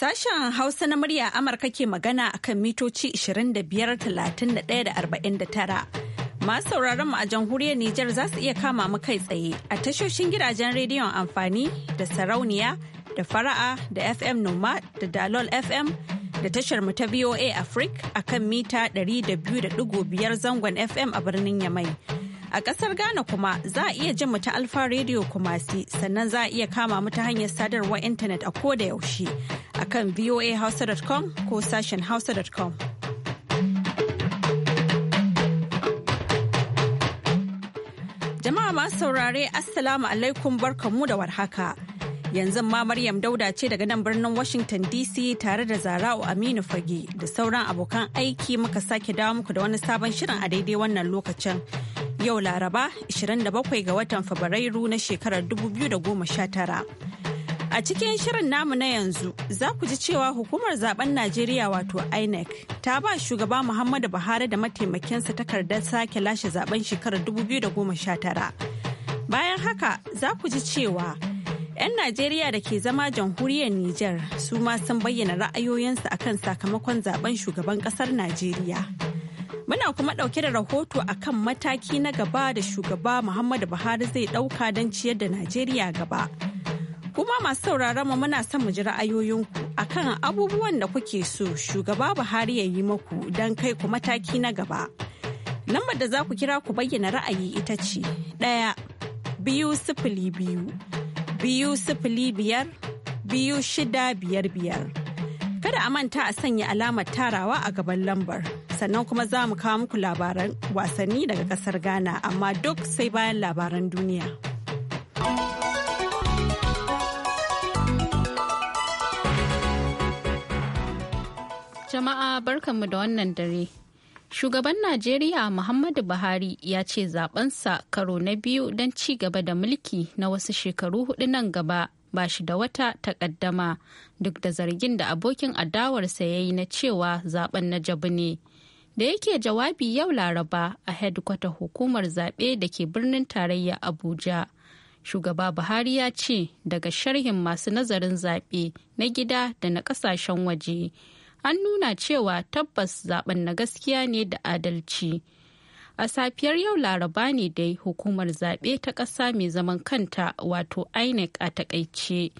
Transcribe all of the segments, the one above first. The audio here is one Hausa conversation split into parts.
Sashen Hausa na murya Amurka ke magana akan mitoci 25, da Masu sauraron mu a jamhuriyar Nijar za su iya kama mu kai tsaye a tashoshin gidajen rediyon amfani da sarauniya da fara'a da FM Noma da Dalol FM da tashar mu ta VOA Africa a kan mita 200.5 zangon FM a birnin Yamai. A ƙasar Ghana kuma za a iya jin mu ta Alfa Radio Kumasi sannan za a iya kama mu ta hanyar sadarwar intanet a ko da yaushe a kan voahausa.com ko sashen hausa.com. Jama'a masu saurare Assalamu alaikum barkanmu da warhaka. yanzu ma Maryam Dauda ce daga nan birnin Washington DC tare da Zara'u Aminu Fage da sauran abokan aiki muka sake dawo muku da wani sabon shirin a daidai wannan lokacin. yau Laraba 27 ga watan Fabrairu na shekarar 2019. A cikin shirin namu na yanzu za ku ji cewa hukumar zaben Najeriya wato INEC ta ba shugaba Muhammadu Buhari da mataimakinsa takardar sake lashe zaben shekarar 2019. Bayan haka za ku ji cewa 'yan Najeriya da ke zama jamhuriyar Nijar su ma sun bayyana ra'ayoyinsu akan sakamakon zaben shugaban kasar Najeriya. Muna kuma ɗauke da rahoto akan mataki na gaba da shugaba Muhammadu Buhari zai ɗauka don ciyar da Najeriya gaba. Kuma masu sauraron mu muna son mu ji ra'ayoyinku Akan abubuwan da kuke so shugaba Buhari ya yi muku don kai ku mataki na gaba. Lambar da za ku kira ku bayyana ra'ayi ita ce ɗaya biyu sifili biyu biyu sifili biyar biyu shida biyar biyar. Kada a manta a sanya alamar tarawa a gaban lambar. sannan kuma za mu kawo muku labaran wasanni daga kasar Ghana amma duk sai bayan labaran duniya. Jama'a barkanmu da wannan dare. Shugaban Najeriya Muhammadu Buhari ya ce zabensa karo na biyu don ci gaba da mulki na wasu shekaru hudu nan gaba ba shi da wata takaddama duk da zargin da abokin adawarsa ya yi na cewa zaben na jabu ne. da yake jawabi yau laraba a hedkwata hukumar zaɓe da ke birnin tarayya abuja shugaba buhari ya ce daga sharhin masu nazarin zaɓe na gida da na ƙasashen waje an nuna cewa tabbas zaben na gaskiya ne da adalci a safiyar yau laraba ne dai hukumar zaɓe ta ƙasa mai zaman kanta wato inec a takaice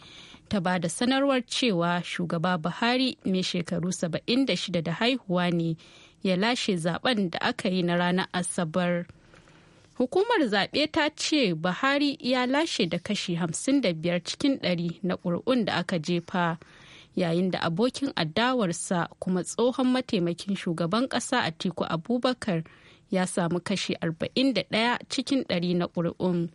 ta ba da sanarwar cewa shugaba buhari mai shekaru 76 da haihuwa ne ya lashe zaben da aka yi na ranar asabar hukumar zaɓe ta ce buhari ya lashe da kashi 55 cikin ɗari na ƙuri'un da aka jefa yayin da abokin adawarsa kuma tsohon mataimakin shugaban ƙasa a atiku abubakar ya samu kashi 41 cikin ɗari na ƙuri'un.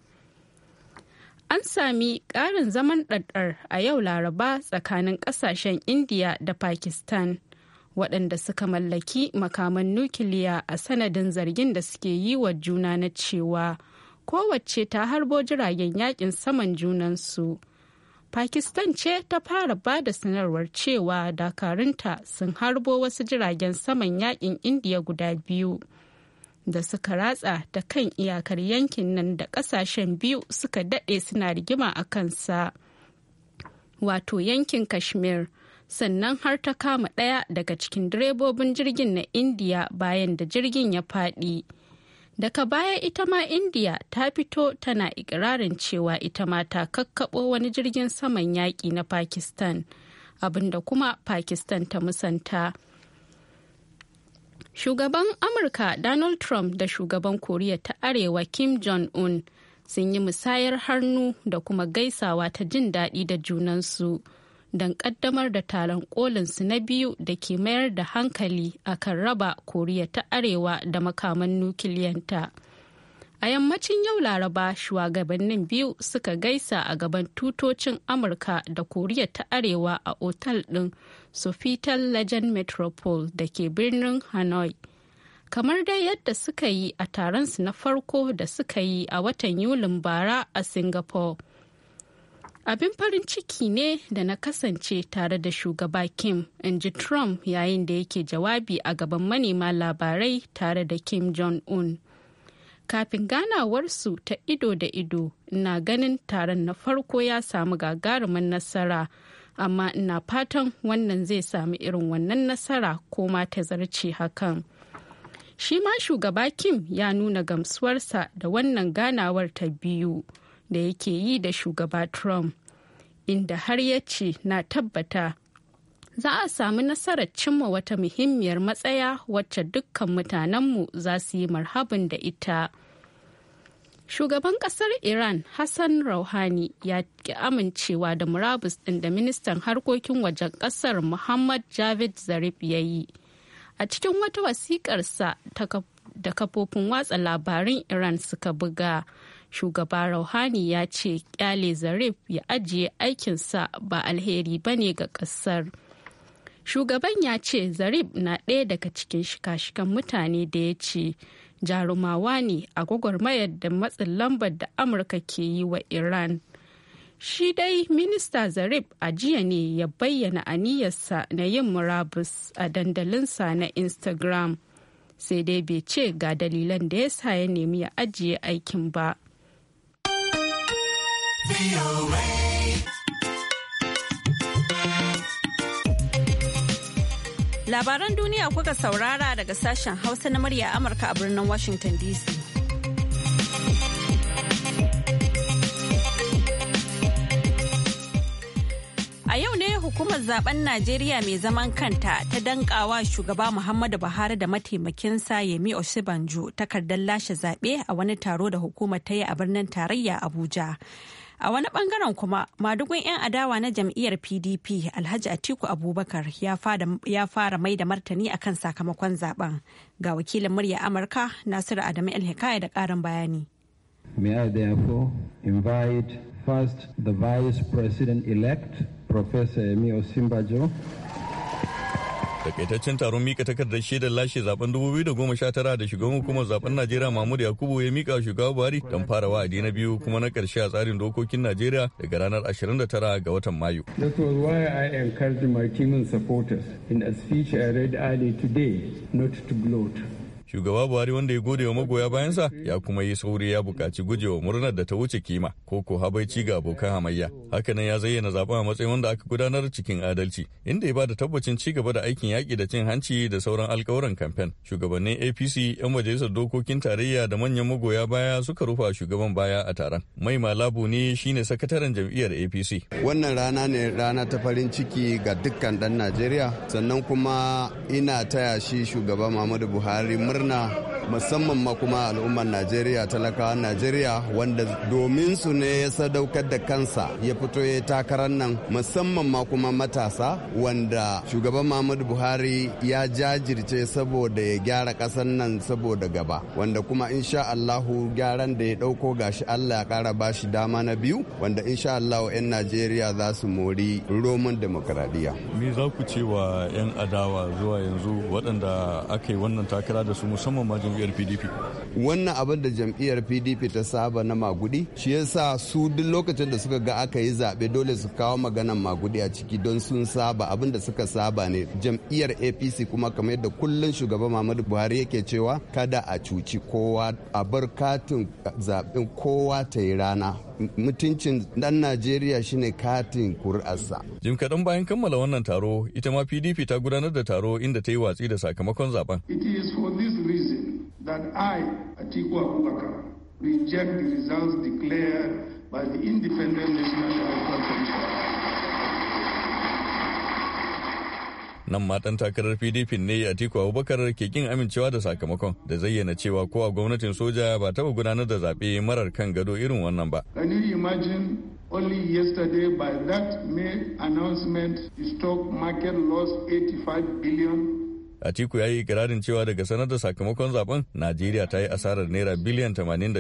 an sami ƙarin zaman ɗaɗɗar a yau laraba tsakanin ƙasashen indiya da pakistan waɗanda suka mallaki makaman nukiliya a sanadin zargin da suke yi wa juna na cewa kowace ta harbo jiragen yakin saman junansu. Pakistan ce ta fara ba da sanarwar cewa dakarunta sun harbo wasu jiragen saman yakin Indiya guda biyu da suka ratsa da kan iyakar yankin nan da ƙasashen biyu suka daɗe suna rigima a kansa. Wato yankin Kashmir. sannan har ta kama ɗaya daga cikin direbobin jirgin na indiya bayan da jirgin ya faɗi daga baya ita ma indiya ta fito tana ikirarin cewa ita ma ta kakkaɓo wani jirgin saman yaƙi na pakistan abinda kuma pakistan ta musanta shugaban amurka donald trump da shugaban koriya ta arewa kim jong-un sun yi musayar hannu da kuma gaisawa ta jin daɗi da junansu. su don kaddamar da taron kolinsu na biyu da ke mayar da hankali a kan raba koriya ta arewa da makaman nukiliyanta a yammacin yau laraba shugabannin biyu suka gaisa a gaban tutocin amurka da koriya ta arewa a otal ɗin sofitel legend metropole da ke birnin hanoi kamar dai yadda suka yi a taron su na farko da suka yi a watan yulin bara a singapore Abin farin ciki ne da na kasance tare da shugaba Kim, in ji Trump yayin da yake jawabi a gaban manema labarai tare da Kim Jong-un. Kafin ganawarsu ta ido da ido, ina ganin taron na farko ya samu gagarumin nasara, amma ina fatan wannan zai samu irin wannan nasara ko ma ta zarce hakan. Shi ma shugaba Kim ya nuna gamsuwarsa da wannan ganawar ta biyu. da yake yi da shugaba trump inda har ya ce na tabbata za a samu nasarar cimma wata muhimmiyar matsaya wacce dukkan mutanenmu za su yi marhabin da ita. Shugaban kasar Iran Hassan Rouhani ya ki amincewa da murabus ɗin da ministan harkokin wajen kasar Muhammad Javid Zarif ya yi. A cikin wata wasiƙarsa da kafofin watsa labarin Iran suka buga. shugaba rauhani ya ce kyale zarif ya ajiye aikinsa ba alheri ba ne ga kasar shugaban ya ce zarif na ɗaya daga cikin shika-shikan mutane da ya ce jarumawa ne a mayar da matsin lambar da amurka ke yi wa iran shi dai minista zarif a jiya ne ya bayyana aniyarsa na yin murabus a dandalinsa na instagram sai dai bai ce ga dalilan da ya sa ya nemi ya ajiye aikin ba. Labaran duniya kuka saurara daga sashen Hausa na murya Amurka a birnin Washington DC. A yau ne hukumar zaben Najeriya mai zaman kanta ta dankawa shugaba Muhammadu Buhari da mataimakinsa Yemi Osibanjo takardar lashe zaɓe a wani taro da hukumar ta yi a birnin tarayya Abuja. A wani bangaren kuma madugun 'yan adawa na jam'iyyar PDP Alhaji Atiku Abubakar ya fara mai da martani akan sakamakon zaben ga wakilin murya Amurka Nasiru Adamu El-Hikaya da ƙarin bayani. May I therefore invite first the Vice President-elect Professor Emi Osimbajo? takaitaccen taron mika takardar shaidar lashe zaben 2019 da shugaban hukumar zaben najeriya mahmud yakubu ya mika shugaba buhari don fara wa'adi na biyu kuma na karshe a tsarin dokokin najeriya daga ranar 29 ga watan mayu that was why i encouraged my team supporters in a speech i read early today not to gloat Shugaba Buhari wanda ya gode wa magoya bayansa ya kuma yi sauri ya bukaci gujewa murnar da ta wuce kima ko ko habaici ga abokan hamayya. Hakanan ya zayyana zaben a matsayin wanda aka gudanar cikin adalci inda ya ba da tabbacin ci gaba da aikin yaƙi da cin hanci da sauran alkawaran kamfen. Shugabannin APC 'yan majalisar dokokin tarayya da manyan magoya baya suka rufa shugaban baya a taron. Mai Malabu ne shine sakataren jam'iyyar APC. Wannan rana ne rana ta farin ciki ga dukkan ɗan Najeriya sannan kuma ina taya shi shugaba Muhammadu Buhari murna 呢。musamman ma kuma al'ummar najeriya talakawan najeriya wanda domin su ne ya sadaukar da kansa ya fito ya takarar nan musamman ma kuma matasa wanda shugaban muhammadu buhari ya jajirce saboda ya gyara kasar nan saboda gaba wanda kuma insha allahu gyaran da ya ɗauko gashi allah ya kara bashi dama na biyu wanda insha allahu 'yan najeriya za su mori roman demokradiyya me za ku ce wa 'yan adawa zuwa yanzu waɗanda aka yi wannan takara da su musamman majin jam'iyyar pdp wannan abin da jam'iyyar pdp ta saba na magudi shi yasa su duk lokacin da suka ga aka yi zaɓe dole su kawo maganan magudi a ciki don sun saba abin da suka saba ne jam'iyyar apc kuma kamar yadda kullun shugaban muhammadu buhari yake cewa kada a cuci kowa a bar katin zaɓen kowa ta yi rana mutuncin dan najeriya shine katin kur'arsa jim kaɗan bayan kammala wannan taro ita ma pdp ta gudanar da taro inda ta yi watsi da sakamakon zaben that I, Atiku Abubakar, reject the results declared by the Independent National Electoral Commission. Nan matan takarar PDP ne Atiku Abubakar ke kin amincewa da sakamakon da zayyana cewa kowa gwamnatin soja ba taba gudanar da zaɓe marar kan gado irin wannan ba. Can you imagine Only yesterday, by that May announcement, the stock market lost 85 billion Atiku ya yi ikirarin cewa daga sanar da sakamakon zaben Najeriya ta yi asarar naira biliyan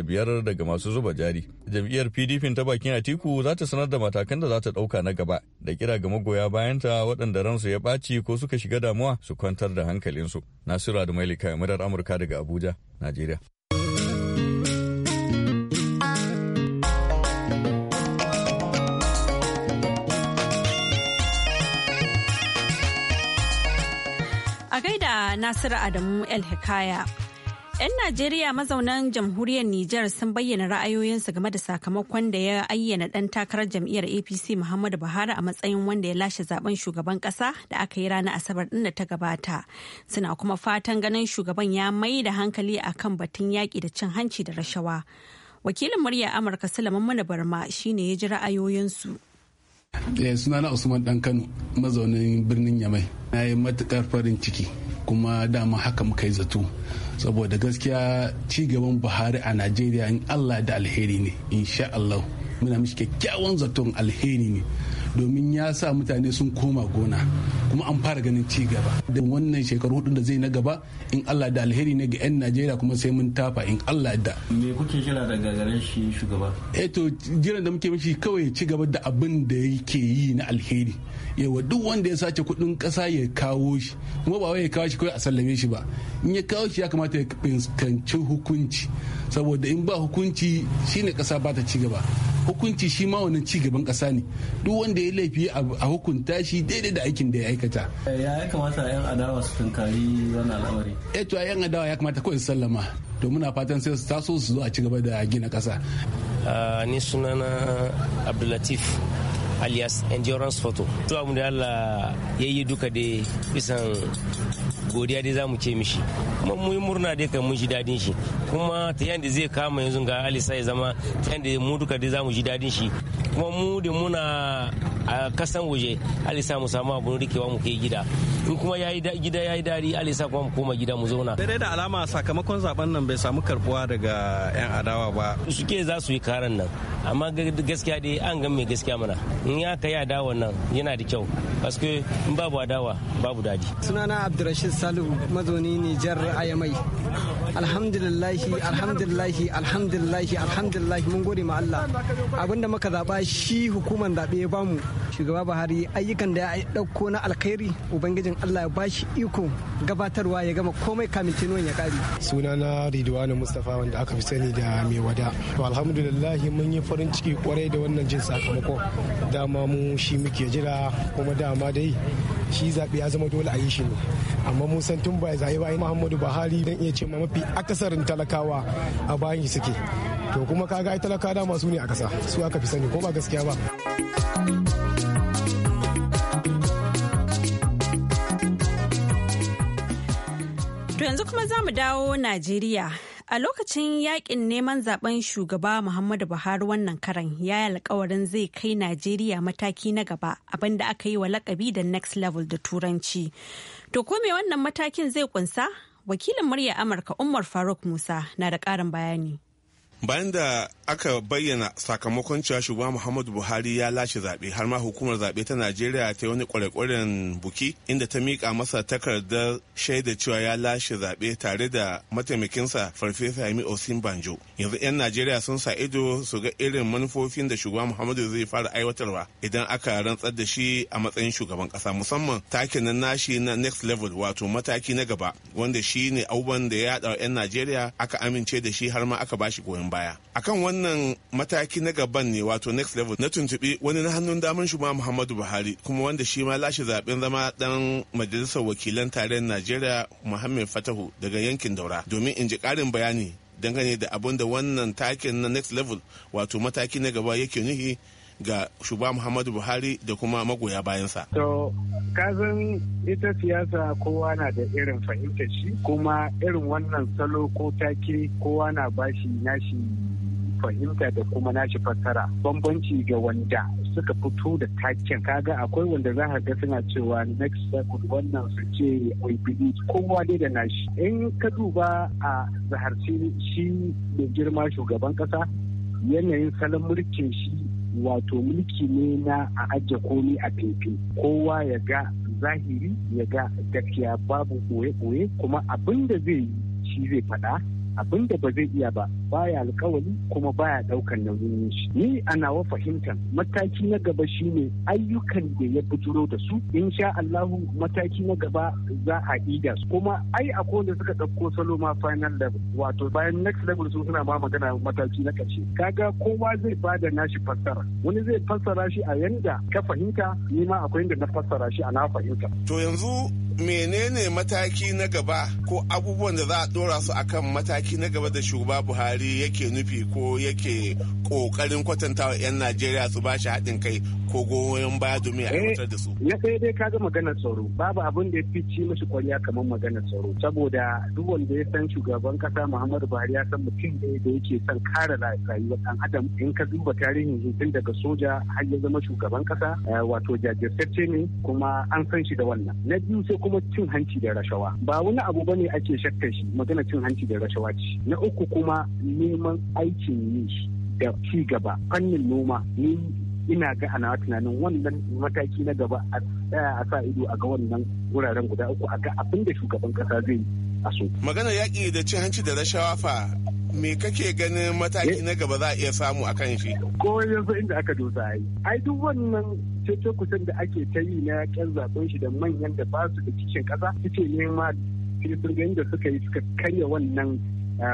biyar daga masu zuba jari. Jam'iyyar PDP ta bakin Atiku za ta sanar da matakan da za ta ɗauka na gaba da kira ga magoya bayanta waɗanda ransu ya ɓaci ko suka shiga damuwa su kwantar da hankalinsu. Nasiru Adamu Elika, Murar Amurka daga Abuja, Najeriya. Nasiru Adamu El Hikaya. 'Yan Najeriya mazaunan jamhuriyar Nijar sun bayyana ra'ayoyinsu game da sakamakon da ya ayyana ɗan takarar jam'iyyar APC Muhammadu Buhari a matsayin wanda ya lashe zaben shugaban ƙasa da aka yi ranar Asabar ɗin da ta gabata. Suna kuma fatan ganin shugaban ya mai da hankali a kan batun yaƙi da cin hanci da rashawa. Wakilin murya Amurka Sulaiman Mana Barma ne ya ji ra'ayoyinsu. Eh, sunana Usman Dan Kano mazaunin birnin Yamai. Na yi matukar farin ciki kuma dama haka muka yi zato saboda gaskiya ci gaban buhari a najeriya in allah da alheri ne insha allah muna mishi kyakkyawan zaton alheri ne domin ya sa mutane sun koma gona kuma an fara ganin ci gaba da wannan shekaru hudu da zai na gaba in Allah da alheri ne ga 'yan Najeriya kuma sai mun tafa in Allah da me kuke jira daga gare shi shugaba eh to jiran da muke mishi kawai ci gaba da abin da yake yi na alheri yawa duk wanda ya sace kudin kasa ya kawo shi kuma ba wai ya kawo shi kawai a sallame shi ba in ya kawo shi ya kamata ya fuskanci hukunci saboda in ba hukunci shine kasa ba ta cigaba hukunci shi ma wannan cigaban kasa ne duk wanda ya laifi a hukunta shi daidai da aikin da ya aikata ya ya kamata yan adawa su tunkari wannan al'amari eh to yan adawa ya kamata kawai su sallama to muna fatan sai su taso su zo a cigaba da gina kasa. Ah, ni sunana abdulatif alias endurance photo to abin da Allah ya yi duka dai bisan godiya dai za mu ce mishi kuma mu yi murna dai kan mun ji dadin shi kuma ta yanda zai kama yanzu ga alisa ya zama ta yanda mu duka dai za mu ji dadin shi kuma mu da muna a kasan waje alisa mu samu abun rikewa mu kai gida in kuma yayi gida yayi dari alisa kuma mu koma gida mu zauna dai da alama sakamakon zaben nan bai samu karbuwa daga yan adawa ba suke za su yi karan nan amma gaskiya dai an ga mai gaskiya mana in ya kai adawa nan yana da kyau paske in babu adawa babu dadi sunana abdurrashid Salihu mazauni Nijar a Yamai. Alhamdulillahi alhamdulillahi alhamdulillahi alhamdulillahi mun gode ma Allah. Abinda muka zaba shi hukuman zaɓe ya bamu shugaba Buhari ayyukan da ya ɗauko na alkhairi ubangijin Allah ya bashi iko gabatarwa ya gama komai kamin tinuwan ya kare. Sunana Ridwanu Mustapha wanda aka fi sani da mai wada. To alhamdulillahi mun yi farin ciki kwarai da wannan jin sakamako. Dama mu shi muke jira kuma dama dai shi zaɓe ya zama dole a yi shi ne amma mun san tun bai zaɓe bayan muhammadu buhari dan iya ce mafi akasarin talakawa a bayan suke to kuma kaga ga talaka da masu ne a ƙasa su aka fi sani ko ba gaskiya ba To yanzu kuma za mu dawo Najeriya A lokacin yakin neman zaben shugaba Muhammadu Buhari wannan karan ya yi alkawarin zai kai Najeriya mataki na gaba abinda aka yi wa lakabi da next level da turanci. To ko wannan matakin zai kunsa? Wakilin murya Amurka Umar Faruk Musa na da ƙarin bayani. bayan da aka bayyana sakamakon cewa shugaban muhammadu buhari ya lashe zaɓe har ma hukumar zaɓe ta najeriya ta wani kwarekwaren buki inda ta miƙa masa takardar shaida cewa ya lashe zaɓe tare da mataimakinsa farfesa yami osin banjo yanzu 'yan najeriya sun sa ido su ga irin manufofin da shugaban muhammadu zai fara aiwatarwa idan aka rantsar da shi a matsayin shugaban ƙasa musamman takin na nashi na next level wato mataki na gaba wanda shi ne abubuwan da ya haɗa 'yan najeriya aka amince da shi har ma aka bashi goyon baya akan wannan mataki na gaban ne wato next level na tuntuɓi wani na hannun daman shugaba muhammadu buhari kuma wanda shi ma lashe zaɓen zama ɗan majalisar wakilan tarayyar najeriya muhammed fatahu daga yankin daura domin in ji ƙarin bayani dangane da abin da wannan takin na next level wato mataki na gaba yake nuhi ga Shuba muhammadu buhari da kuma magoya bayansa to kazan ita siyasa kowa na da irin fahimtar shi kuma irin wannan salo ko take kowa na bashi nashi fahimta da kuma nashi fassara bambanci ga wanda suka fito da taken kaga akwai wanda za ga suna cewa next second wannan su ce we believe kowa dai da nashi in ka duba a zaharci shi da girma shugaban kasa yanayin salon mulkin shi wato mulki ne na a ajiye komi a fefe kowa ya ga zahiri ya ga gaskiya babu boye-boye kuma abin da zai yi shi zai faɗa abin da ba zai iya ba baya alƙawari kuma baya daukan nauyin shi ni a nawa fahimtar mataki na gaba shine ayyukan da ya bujuro da su insha Allahu mataki na gaba za a ida su kuma ai akwai wanda suka dauko salo ma final level wato bayan next level su suna ba magana mataki na karshe kaga kowa zai bada nashi fassara wani zai fassara shi a yanda ka fahimta ni ma akwai yanda na fassara shi a na fahimta to yanzu menene mataki na gaba ko abubuwan da za a dora su akan mataki na gaba da shugaba Buhari kokari yake nufi ko yake kokarin kwatantawa 'yan najeriya su ba shi haɗin kai ko goyon baya domin a eh, aiwatar da su na sai dai kaga maganar tsaro babu abin da ya fice mashi kwanya kamar maganar tsaro saboda duk wanda ya san shugaban kasa muhammadu buhari ya san mutum ne da yake son kare rayuwar ɗan adam in ka duba tarihin tun daga soja har ya zama shugaban kasa eh, wato jajirtacce ne kuma an san shi da wannan na biyu sai kuma cin hanci da rashawa ba wani abu ba ne ake shakkar shi Maganar cin hanci da rashawa ce na uku kuma neman aikin yi da ci gaba fannin noma ni ina ga ana tunanin wannan mataki na gaba a sa ido a ga wannan wuraren guda uku a ga abin da shugaban kasa zai a so. Maganar yaƙi da cin hanci da rashawa fa me kake ganin mataki na gaba za a iya samu a kan shi? Ko yanzu inda aka dosa yi. Ai duk wannan cece kusan da ake ta yi na ƙyan zaben shi da manyan da ba su da cikin ƙasa suke nema sun da suka yi suka karya wannan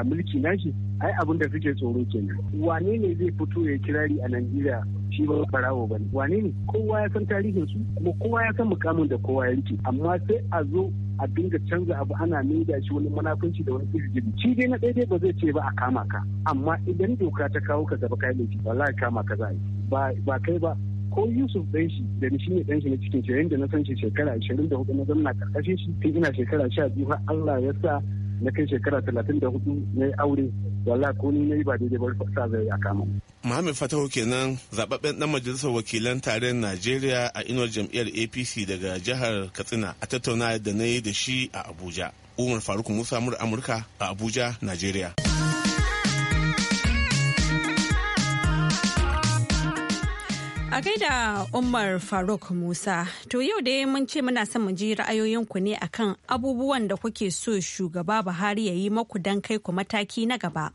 mulki nashi ai abin da suke tsoro kenan wane ne zai fito ya kirari a najeriya shi ba farawo ba wane ne kowa ya san tarihin su kuma kowa ya san mukamin da kowa ya rike amma sai a zo a dinga canza abu ana maida shi wani munafunci da wani izgiri shi dai na daidai ba zai ce ba a kama ka amma idan doka ta kawo ka zaba kai laifi wallahi kama ka za ba ba kai ba ko Yusuf ɗan shi da ni shine ɗan shi na cikin shi da na san shi shekara 24 na zanna karkashin shi tun ina shekara biyu har Allah ya sa na kai shekara talatin da hudu na yi aure wala ko ni na ba daidai ba sa zai a kama. Muhammad Fatahu kenan zababben dan majalisar wakilan tarayyar Najeriya a inuwar jam'iyyar APC daga jihar Katsina a tattauna da na yi da shi a Abuja. Umar Faruk Musa mur Amurka a Abuja, Najeriya. A gaida Umar Faruk Musa, to yau dai mun ce muna son mu ji ra'ayoyinku ne akan abubuwan da kuke so shugaba Buhari ya yi maku don kai ku mataki na gaba.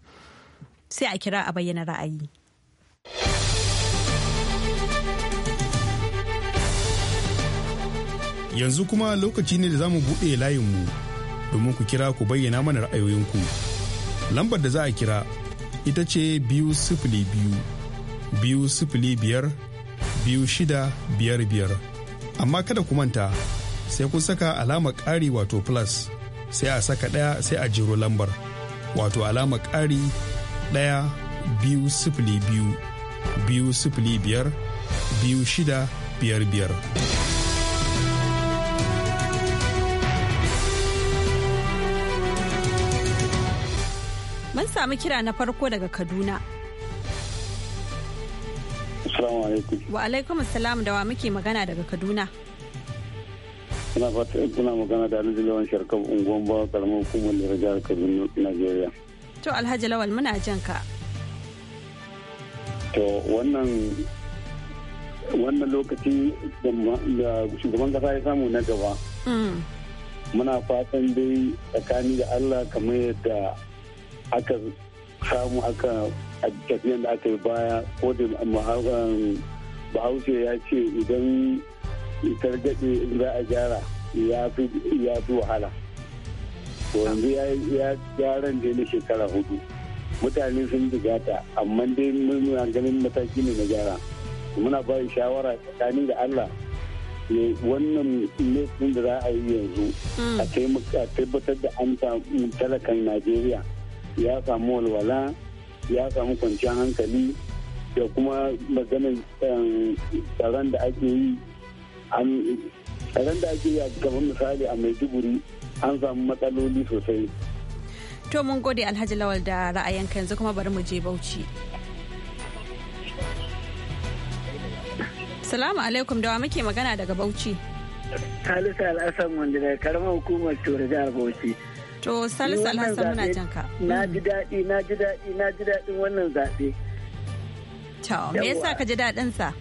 Sai a kira a bayyana ra'ayi. Yanzu kuma lokaci ne da zamu mu buɗe layinmu domin ku kira ku bayyana mana ra'ayoyinku. Lambar da za a kira ita ce biyu sifili biyu, biyu sifili biyar biyar amma kada ku manta sai kun saka alama ƙari wato plus sai a saka ɗaya sai a jiro lambar wato alama ƙari ɗaya biyu sifili biyu biyu sifili biyar biyu shida biyar biyar. Mun sami kira na farko daga Kaduna. Assalamu alaikum. Wa alaikum assalam da wa muke magana daga Kaduna. Ina fata kuna magana da Alhaji Lawan Sharkab unguwan ba karamar hukumar da jihar Kaduna Najeriya. To Alhaji Lawal muna jan ka. To wannan wannan lokaci da shugaban kasa ya samu na gaba. Mm. Muna fatan dai tsakani da Allah kamar yadda aka samu aka a tafiyan da aka yi baya ko da bahaushe ya ce idan targaɗe za a gyara ya fi wahala wanzu yanzu ya gyaran da na shekara hudu mutane sun bugata amma dai muna ganin mataki ne na gyara muna ba shawara tsakani da allah wannan laifin da za a yi yanzu hmm. a tabbatar da an talakan najeriya ya samu walwala ya samu kwanciyar hankali da kuma maganin um, tsaron da ake yi tsaron da ake yi a kamar misali a maiduguri an samu matsaloli sosai to mun gode alhaji lawal da ra'ayin yanzu kuma bari mu je bauchi salamu alaikum dawa muke magana daga bauchi Halisu al'asar wanda da karamar hukumar turai da Bauchi. To Salisu Alhassan muna jin ka. Na mm. ji daɗi na ji daɗi na ji daɗin wannan zaɓe. To me yasa ka ji daɗin sa?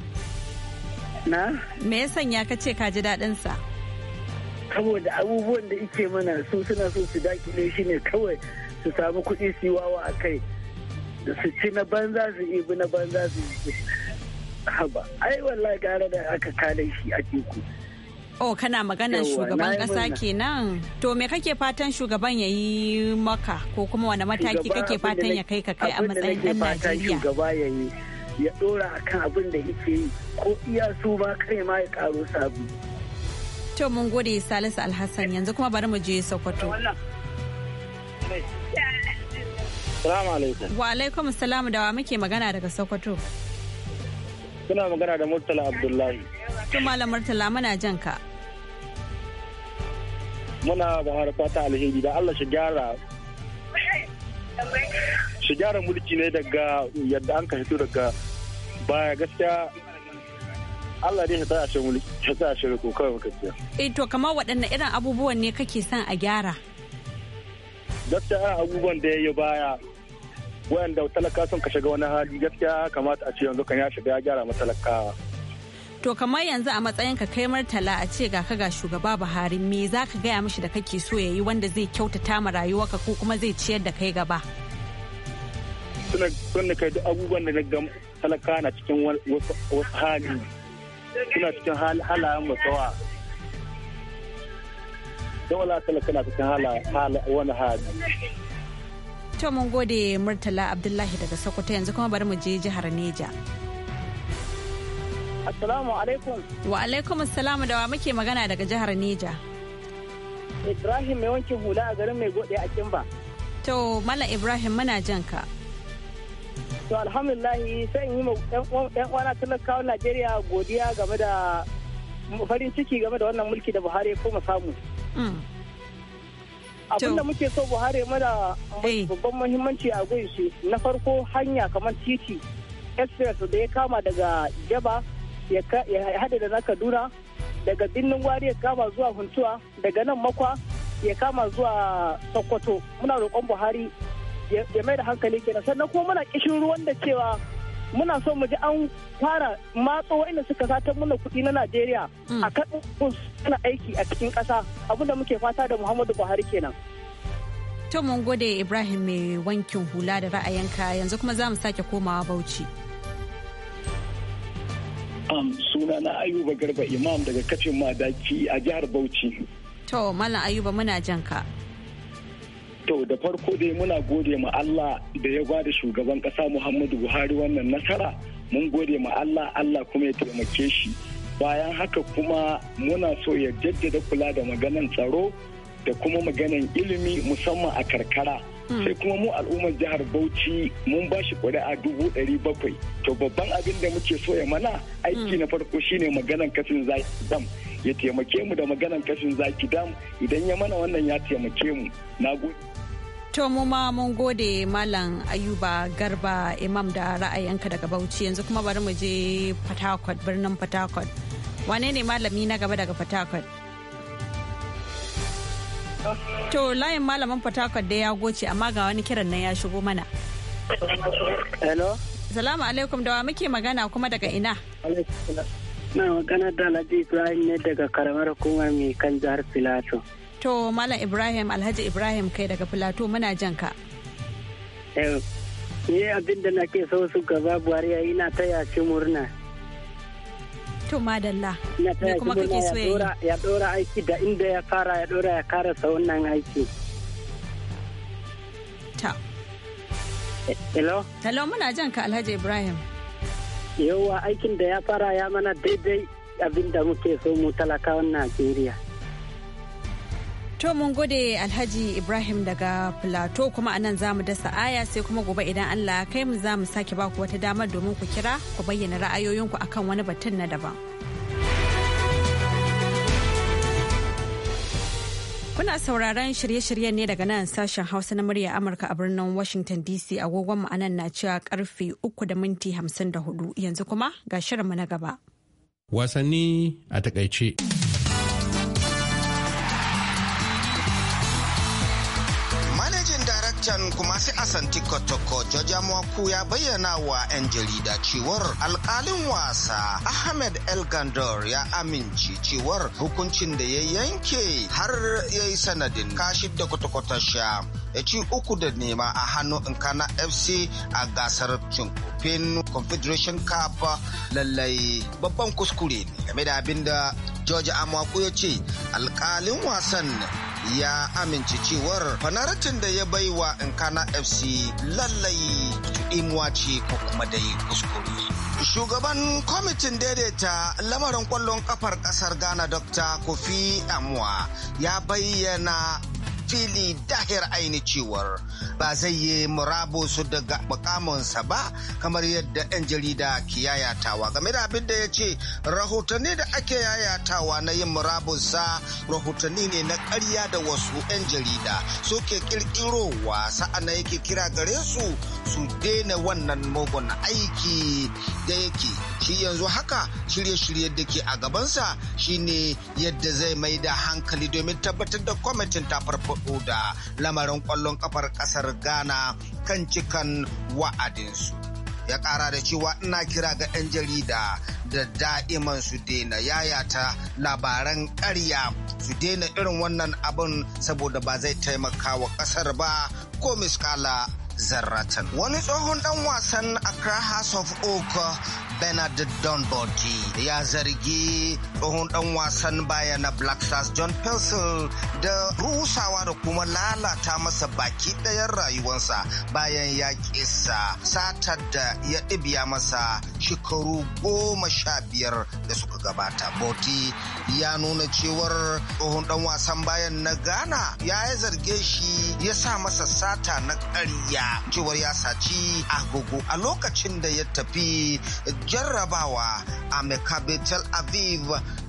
Na? Me ya ya ka ce ka ji daɗin sa? Saboda abubuwan da ike mana su suna so su dakile shi ne kawai su samu kuɗi su yi wawa a kai. Su ci na banza su ibi na banza su yi. Haba, ai wallahi gara da aka kare shi a teku. Oh, kana maganar shugaban kasa kenan. To me kake fatan shugaban ya yi maka ko kuma wani mataki kake fatan ya kai ka kai a matsayin ɗan Najeriya? ya ɗora a kan abin da yake yi ko iya su ba kai ma ya karo sabu. To mun gode Salisu Alhassan yanzu kuma bari mu je Sokoto. Wa alaikum salamu da wa muke magana daga Sokoto. Kuna magana da Murtala Abdullahi. To Malam Murtala muna jan ka. Muna ba fata alheri da Allah shi gyara Shi gyara mulki ne daga yadda an ka hito daga baya gaskiya Allah ne ta ashe mulki ta ashe ko kawai gaskiya eh to kamar waɗanne irin abubuwan ne kake son a gyara gaskiya abubuwan da yayi baya wayanda talaka sun ka shiga wani hali gaskiya kamata a ce yanzu kan ya shiga ya gyara matalakawa To kamar yanzu a matsayin ka kai martala a ce ga ka ga shugaba Buhari me za ka gaya mishi da kake so ya yi wanda zai kyautata ma rayuwarka ko kuma zai ciyar da kai gaba. Suna son na kai duk abubuwan da na ga talaka na cikin wasu hali suna cikin halayen matsawa. Dawala talaka na cikin wani hali. To mun gode Murtala Abdullahi daga Sokoto yanzu kuma bari mu je jihar Neja. Assalamu alaikum. Wa alaikum assalamu da wa muke magana daga jihar Neja. Ibrahim mai wankin hula a garin mai gode a Kimba. To Mala Ibrahim muna jan ka. To alhamdulillahi sai in yi ma ɗan uwana talakawa Najeriya godiya game da farin ciki game da wannan mulki da Buhari ya koma samu. Mm. abin da muke so buhari mana eh. babban muhimmanci a gun na farko hanya kamar titi express da ya kama daga jaba ya haɗe da na kaduna daga birnin wari ya kama zuwa huntuwa daga nan makwa ya kama zuwa sokoto muna roƙon buhari ya mai da hankali kenan sannan kuma muna kishin ruwan da cewa muna so mu ji an fara matso wa'inda suka satar muna kuɗi na najeriya hmm. a kan suna aiki a cikin ƙasa abinda muke fata da muhammadu buhari kenan to mun gode ibrahim mai wankin hula da ra'ayinka yanzu kuma za mu sake komawa bauchi Um, suna na Ayuba Garba Imam daga kacin madaki a jihar Bauchi. To, mala Ayuba muna jan ka. To, da farko dai muna gode ma Allah da ya gwada shugaban kasa Muhammadu Buhari wannan nasara. Mun gode ma Allah, Allah kuma ya taimake shi. Bayan haka kuma muna so ya jaddada kula da maganan tsaro da kuma maganan ilimi musamman a karkara. Hmm. sai kuma mu al'ummar jihar bauchi mun ba shi kuri'a dubu ɗari bakwai to babban abin da muke so ya mana aiki hmm. na farko shine maganan kasin zaki dam ya taimake mu da maganan kasin zaki dam idan ya mana wannan ya taimake mu na To mu ma mun gode Malam Ayuba Garba Imam da ra'ayinka daga Bauchi yanzu kuma bari mu je Fatakwat birnin Fatakwat. Wane ne malami na gaba daga Fatakwat? To layin malaman fatakar da ya goce amma ga wani kiran nan ya shigo mana. Hello. Salamu alaikum da wa muke magana kuma daga ina. Na magana da Alhaji Ibrahim ne daga karamar hukumar mai kan jihar Filato. To Malam Ibrahim Alhaji Ibrahim kai daga Filato muna jan ka. Eh, ni abin da nake so su gaba Buhari yayi na taya shi murna. to madalla da kuma kake so ya dora aiki da inda ya fara ya dora ya karasa wannan aiki ta eh, hello hello muna jan ka alhaji ibrahim yawa aikin da ya fara ya mana daidai abinda muke so mu talaka wannan najeriya To mun gode Alhaji Ibrahim daga Plateau kuma a nan zamu dasa aya sai kuma gobe idan Allah kai mu zamu sake baku wata damar domin ku kira ku bayyana ra'ayoyinku akan wani batun na daban. Kuna sauraron shirye-shiryen ne daga nan sashen Hausa na murya Amurka a birnin Washington DC agogon mu anan na cewa karfe uku da minti hamsin da hudu yanzu kuma ga shirinmu na gaba. Wasanni a takaice. kuma sai asanti kotoko joja mwaku ya bayyana wa 'yan jarida cewar alkalin wasa ahmed el gandor ya amince cewar hukuncin da ya yanke har ya yi sanadin kashi da kwata ya ci uku da nema a hannun Kana fc a gasar cin kofin confederation cup lallai babban kuskure ne game da abin da george ya ce alkalin wasan ya amince cewar fanarcin da ya bai wa Nkana FC lallai imuwa ce ko kuma dai kuskure. Shugaban kwamitin daidaita lamarin kwallon kafar kasar Ghana Dr. Kofi Amwa ya bayyana fili dahir aini cewar ba zai yi murabusu daga mukamansa ba kamar yadda 'yan jarida ke yayatawa game da abin da ya ce rahotanni da ake yayatawa na yin murabusa rahotanni ne na karya da wasu 'yan jarida suke kirkirowa sa'ana yake kira gare su su daina wannan mugun aiki da yake shi yanzu haka shirye shiryen da ke a gabansa shine yadda zai mai da hankali domin tabbatar da kwamitin ta farfado da lamarin kwallon kafar kasar ghana kan cikan wa'adinsu ya kara da cewa ina kira ga 'yan jarida da da'iman su daina yayata labaran karya, su daina irin wannan abin saboda ba zai taimaka wa ƙasar ba ko miskala zaratan wani tsohon dan wasan accra house of oak bernard donbody ya zargi tsohon dan wasan baya na black stars john pencil da rusawa da kuma lalata masa baki ɗayan rayuwarsa bayan ya kisa satar da ya ɗibiya masa shekaru goma sha biyar da suka gabata. Boti ya nuna cewar tsohon dan wasan bayan na Ghana ya yi zarge shi ya sa masa sata na ƙarya cewar ya saci agogo a lokacin da ya tafi jarrabawa a Mekabe Tel Aviv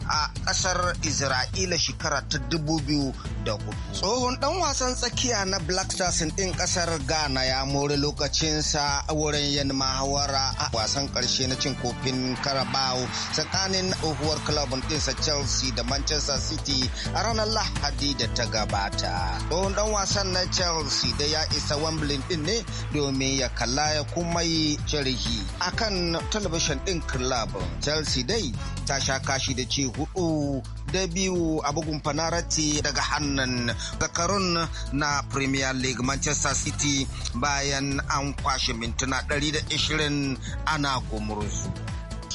a kasar Isra'ila shekara ta dubu biyu da hudu. Tsohon dan wasan tsakiya na Black Stars din kasar Ghana ya more lokacinsa a wurin yin mahawara a wasan ƙarshe na cin kofin Carabao tsakanin uhuwar club ɗinsa Chelsea da Manchester City a ranar Lahadi da ta gabata. Tsohon dan wasan na Chelsea da ya isa Wembley din ne domin ya kalla ya kuma yi sharhi akan talabishin ɗin club. Chelsea dai ta sha kashi da ciwo hudu da biyu a bugun fanarati daga hannun zakarun na premier league manchester city bayan an kwashe mintuna 120 ana gumurzu.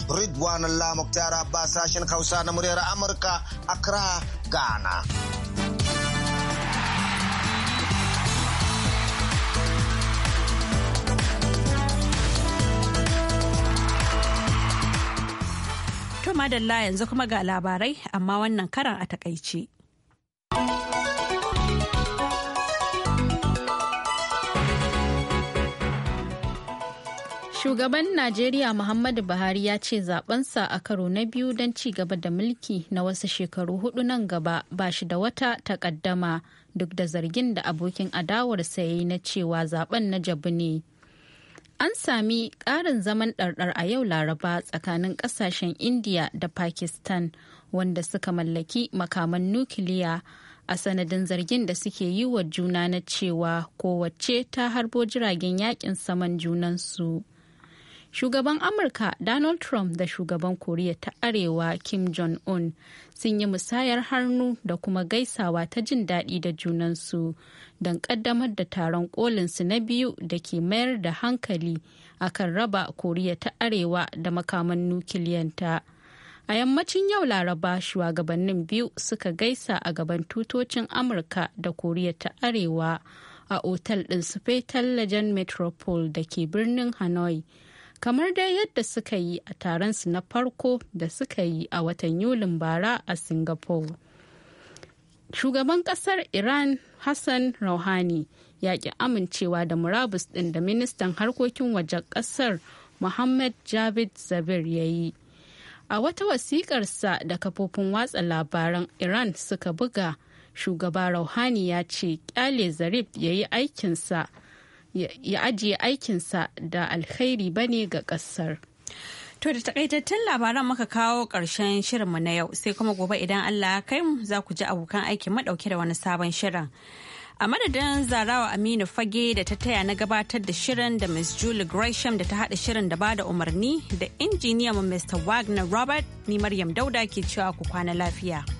ridwan lamuk tara ba sashen hausa na muryar amurka accra ghana madalla yanzu kuma ga labarai amma wannan karan a takaice. Shugaban Najeriya Muhammadu Buhari ya ce zabensa a karo na biyu don ci gaba da mulki na wasu shekaru hudu nan gaba ba shi da wata takaddama duk da zargin da abokin adawarsa ya yi na cewa zaben na jabu ne. An sami ƙarin zaman ɗarɗar a yau Laraba tsakanin ƙasashen indiya da Pakistan wanda suka mallaki makaman nukiliya a sanadin zargin da suke yi wa juna na cewa kowace ta harbo jiragen yakin saman junansu. su. shugaban amurka donald trump da shugaban koriya ta arewa kim jong-un sun yi musayar hannu da kuma gaisawa ta jin daɗi da junansu don ƙaddamar da taron kolinsu na biyu da ke mayar da hankali akan raba koriya ta arewa da makaman nukiliyanta a yammacin yau laraba shugabannin biyu suka gaisa a gaban tutocin amurka da koriya ta arewa a otal ɗin su fetal legend metropole da ke birnin hanoi kamar dai yadda suka yi a taron su na farko da suka yi a watan yulin bara a singapore shugaban kasar iran hassan rouhani ya ki amincewa da murabus ɗin da ministan harkokin wajen ƙasar Muhammad Javid Zabir ya yi. A wata wasiƙarsa da kafofin watsa labaran Iran suka buga, shugaba Rouhani ya ce kyale Zarif ya yi aikinsa ya ajiye aikinsa da alkhairi bane ga ƙasar. To da takaitattun labaran muka kawo ƙarshen shirinmu na yau sai kuma gobe idan Allah ya kai mu za ku ji abokan aiki madauke da wani sabon shirin. A madadin Zarawa Aminu Fage da ta taya na gabatar da shirin da Miss Julie Gresham da ta haɗa shirin da ba da umarni da injiniyan Mr. Wagner Robert ni Maryam Dauda ke cewa ku kwana lafiya.